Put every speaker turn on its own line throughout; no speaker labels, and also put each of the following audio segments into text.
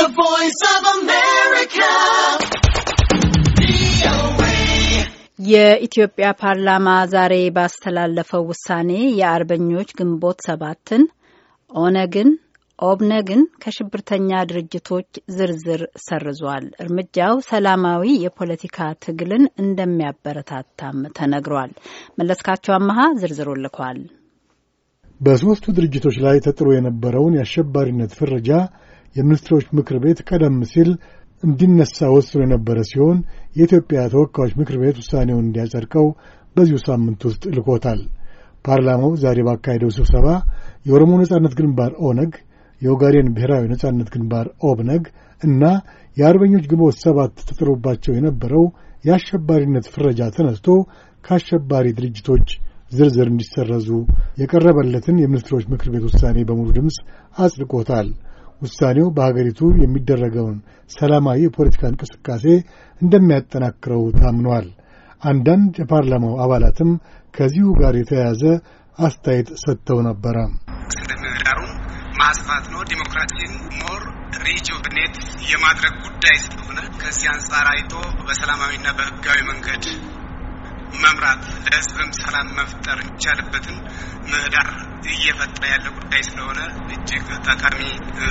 The Voice of America.
የኢትዮጵያ ፓርላማ ዛሬ ባስተላለፈው ውሳኔ የአርበኞች ግንቦት ሰባትን፣ ኦነግን፣ ኦብነግን ከሽብርተኛ ድርጅቶች ዝርዝር ሰርዟል። እርምጃው ሰላማዊ የፖለቲካ ትግልን እንደሚያበረታታም ተነግሯል። መለስካቸው አመሃ ዝርዝሩ ልኳል።
በሦስቱ ድርጅቶች ላይ ተጥሎ የነበረውን የአሸባሪነት ፍረጃ የሚኒስትሮች ምክር ቤት ቀደም ሲል እንዲነሳ ወስኖ የነበረ ሲሆን የኢትዮጵያ ተወካዮች ምክር ቤት ውሳኔውን እንዲያጸድቀው በዚሁ ሳምንት ውስጥ ልኮታል። ፓርላማው ዛሬ ባካሄደው ስብሰባ የኦሮሞ ነጻነት ግንባር ኦነግ፣ የኦጋዴን ብሔራዊ ነጻነት ግንባር ኦብነግ እና የአርበኞች ግንቦት ሰባት ተጥሎባቸው የነበረው የአሸባሪነት ፍረጃ ተነስቶ ከአሸባሪ ድርጅቶች ዝርዝር እንዲሰረዙ የቀረበለትን የሚኒስትሮች ምክር ቤት ውሳኔ በሙሉ ድምፅ አጽድቆታል። ውሳኔው በሀገሪቱ የሚደረገውን ሰላማዊ የፖለቲካ እንቅስቃሴ እንደሚያጠናክረው ታምኗል። አንዳንድ የፓርላማው አባላትም ከዚሁ ጋር የተያያዘ አስተያየት ሰጥተው ነበረ።
ምህዳሩን ማስፋት ነው፣ ዲሞክራሲን ሞር ሪጁቭኔት የማድረግ ጉዳይ ስለሆነ ከዚህ አንጻር አይቶ በሰላማዊና በህጋዊ መንገድ መምራት ለህዝብም ሰላም መፍጠር የሚቻልበትን ምህዳር እየፈጠረ ያለ ጉዳይ ስለሆነ እጅግ ጠቃሚ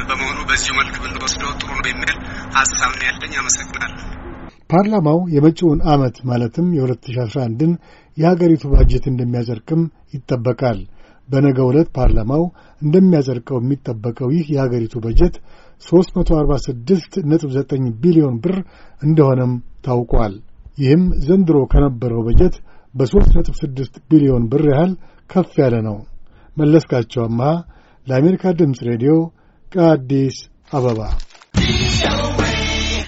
በመሆኑ በዚሁ መልክ ብንወስደው ጥሩ ነው የሚል ሀሳብ ነው ያለኝ። አመሰግናለሁ።
ፓርላማው የመጪውን ዓመት ማለትም የ2011ን የሀገሪቱ ባጀት እንደሚያጸድቅም ይጠበቃል። በነገ ዕለት ፓርላማው እንደሚያጸድቀው የሚጠበቀው ይህ የሀገሪቱ በጀት 346.9 ቢሊዮን ብር እንደሆነም ታውቋል። ይህም ዘንድሮ ከነበረው በጀት በ ነጥብ ስድስት ቢሊዮን ብር ያህል ከፍ ያለ ነው። መለስካቸው አምሃ ለአሜሪካ ድምፅ ሬዲዮ ከአዲስ አበባ